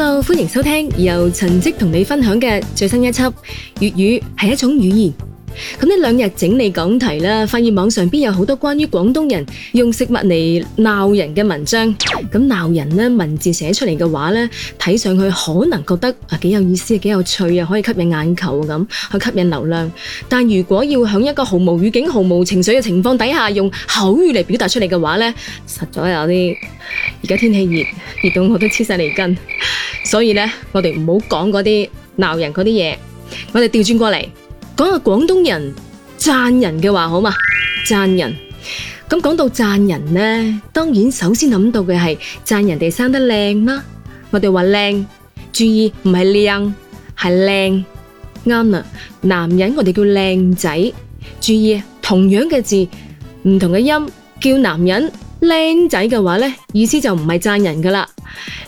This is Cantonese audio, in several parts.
Hello, 歡迎收聽由陳迹同你分享嘅最新一輯粵語係一種語言。咁呢兩日整理講題啦，發現網上邊有好多關於廣東人用食物嚟鬧人嘅文章。咁鬧人咧，文字寫出嚟嘅話咧，睇上去可能覺得啊幾有意思，幾有趣啊，可以吸引眼球咁，去吸引流量。但如果要響一個毫無語境、毫無情緒嘅情況底下用口語嚟表達出嚟嘅話咧，實在有啲。而家天氣熱，熱到我都黐晒脷根。所以呢，我哋唔好講嗰啲鬧人嗰啲嘢，我哋調轉過嚟講下廣東人讚人嘅話好嘛？讚人，咁講到讚人呢，當然首先諗到嘅係讚人哋生得靚啦。我哋話靚，注意唔係靚係靚，啱啦。男人我哋叫靚仔，注意同樣嘅字唔同嘅音叫男人。靚仔嘅話，意思就唔係讚人噶啦。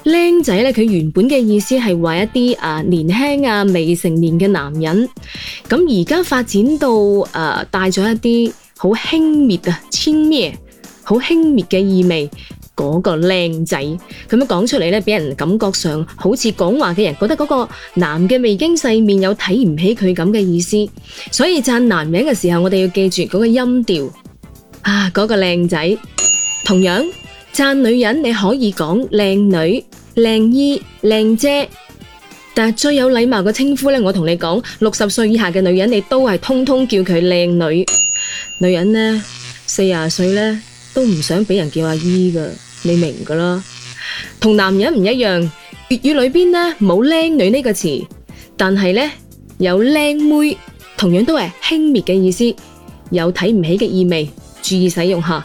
靚仔咧，佢原本嘅意思係話一啲、啊、年輕啊未成年嘅男人。咁而家發展到誒，帶咗一啲好輕蔑啊輕蔑，好輕蔑嘅意味。嗰個靚仔，咁樣講出嚟咧，俾人感覺上好似講話嘅人覺得嗰個男嘅未經世面，又睇唔起佢咁嘅意思。所以讚男人嘅時候，我哋要記住嗰個音調啊，嗰個靚仔。同樣讚女人，你可以講靚女、靚姨、靚姐，但最有禮貌嘅稱呼呢，我同你講，六十歲以下嘅女人，你都係通通叫佢靚女。女人呢，四十歲呢都唔想俾人叫阿姨噶，你明噶啦？同男人唔一樣，粵語裏邊呢冇靚女呢個詞，但係呢，有靚妹，同樣都係輕蔑嘅意思，有睇唔起嘅意味，注意使用吓。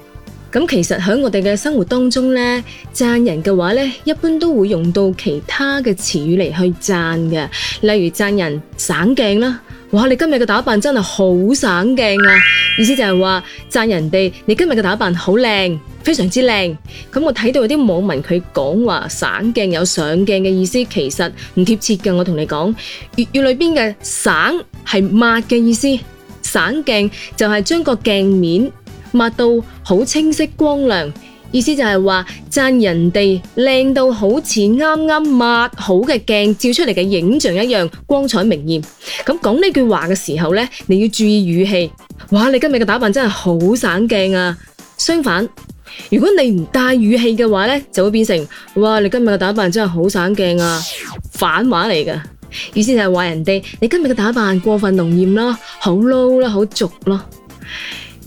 咁其實喺我哋嘅生活當中呢，讚人嘅話呢，一般都會用到其他嘅詞語嚟去讚嘅，例如讚人省鏡啦。哇！你今日嘅打扮真係好省鏡啊！意思就係話讚人哋你今日嘅打扮好靚，非常之靚。咁、嗯、我睇到有啲網民佢講話省鏡有上鏡嘅意思，其實唔貼切㗎。我同你講，粵語裏面嘅省係抹嘅意思，省鏡就係將個鏡面，抹到好清晰光亮，意思就係話讚人哋靚到好似啱啱抹好嘅鏡照出嚟嘅影像一樣光彩明艷。咁講呢句話嘅時候咧，你要注意語氣。你今日嘅打扮真係好省鏡啊！相反，如果你唔帶語氣嘅話咧，就會變成哇，你今日嘅打扮真係好省鏡啊！反話嚟嘅，意思就係話人哋你今日嘅打扮過分濃艷啦，好 low 啦，好俗咯。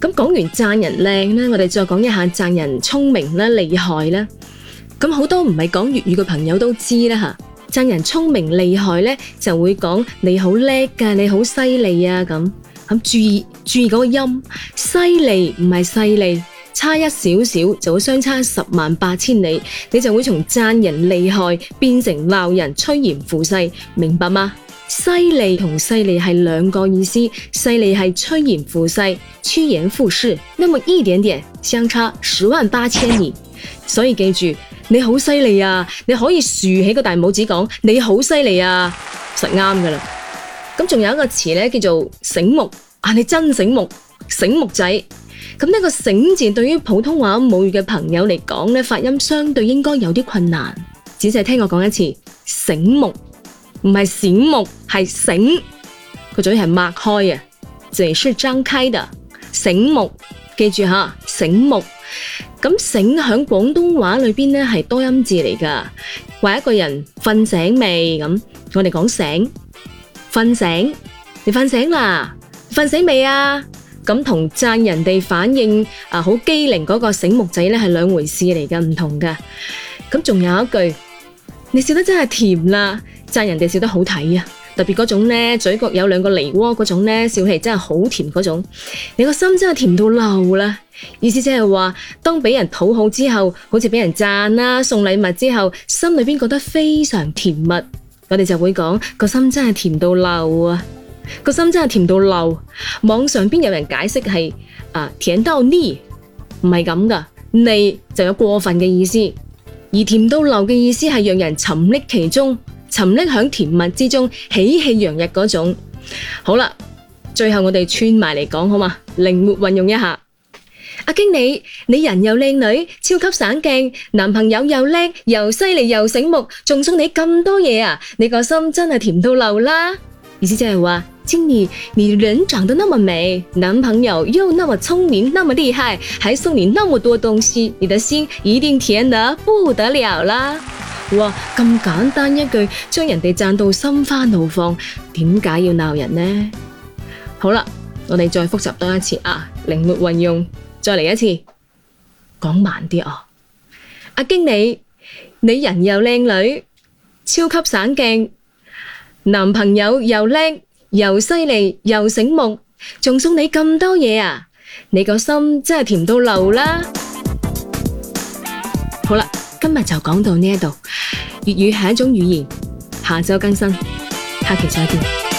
咁講完讚人靚呢，我哋再講一下讚人聰明咧、厲害啦。咁好多唔係講粵語嘅朋友都知啦吓，讚人聰明厲害呢，就會講你好叻㗎，你好犀利啊咁。注意注意，嗰個音，犀利唔係犀利，差一少少就會相差十萬八千里，你就會從讚人厲害變成鬧人趨炎附勢，明白嗎？犀利同勢利係兩個意思，勢利係趨炎附勢，趨炎附勢，那麼一點點，相差十萬八千里，所以記住，你好犀利啊，你可以豎起個大拇指講，你好犀利啊，實啱㗎喇。咁仲有一個詞咧叫做醒目，啊你真醒目，醒目仔，咁呢個醒字對於普通話、母語嘅朋友嚟講咧，發音相對應該有啲困難，仔細聽我講一次醒目。唔係醒目，係醒，個嘴係擘開嘅，即係張開的醒目。記住吓，醒目。咁醒響廣東話裏邊咧係多音字嚟㗎。話一個人瞓醒未？咁我哋講醒，瞓醒，你瞓醒啦，瞓醒未啊？咁同贊人哋反應啊好機靈嗰個醒目仔咧，係兩回事嚟㗎，唔同㗎。咁仲有一句，你笑得真係甜啦。讚人哋笑得好睇啊！特別嗰種咧，嘴角有兩個梨渦嗰種咧，笑起真係好甜嗰種，你個心真係甜到漏啦、啊！意思即係話，當俾人討好之後，好似俾人讚啦、啊，送禮物之後，心裏邊覺得非常甜蜜，我哋就會講個心真係甜到漏啊，個心真係甜到漏。網上邊有人解釋係啊甜到膩，唔係咁㗎，膩就有過分嘅意思，而甜到漏嘅意思係讓人沉溺其中。沉溺響甜蜜之中，喜氣洋溢嗰種。好啦，最後我哋穿埋嚟講好嘛，靈活運用一下。阿經理，你人又靚女，超級省鏡，男朋友又叻又犀利又醒目，仲送你咁多嘢啊，你個心真係甜到流啦。意思就係話，經理，你人長得那麼美，男朋友又那麼聰明，那麼厲害，還送你那麼多東西，你的心一定甜得不得了啦。哇！咁簡單一句，將人哋讚到心花怒放，點解要鬧人呢？好啦，我哋再復習多一次啊！靈活運用，再嚟一次，講慢啲哦。阿經理，你人又靚女，超級省鏡，男朋友又靚又犀利又醒目，仲送你咁多嘢啊！你個心真係甜到流啦！好啦。今日就講到呢一度，粵語係一種語言，下周更新，下期再見。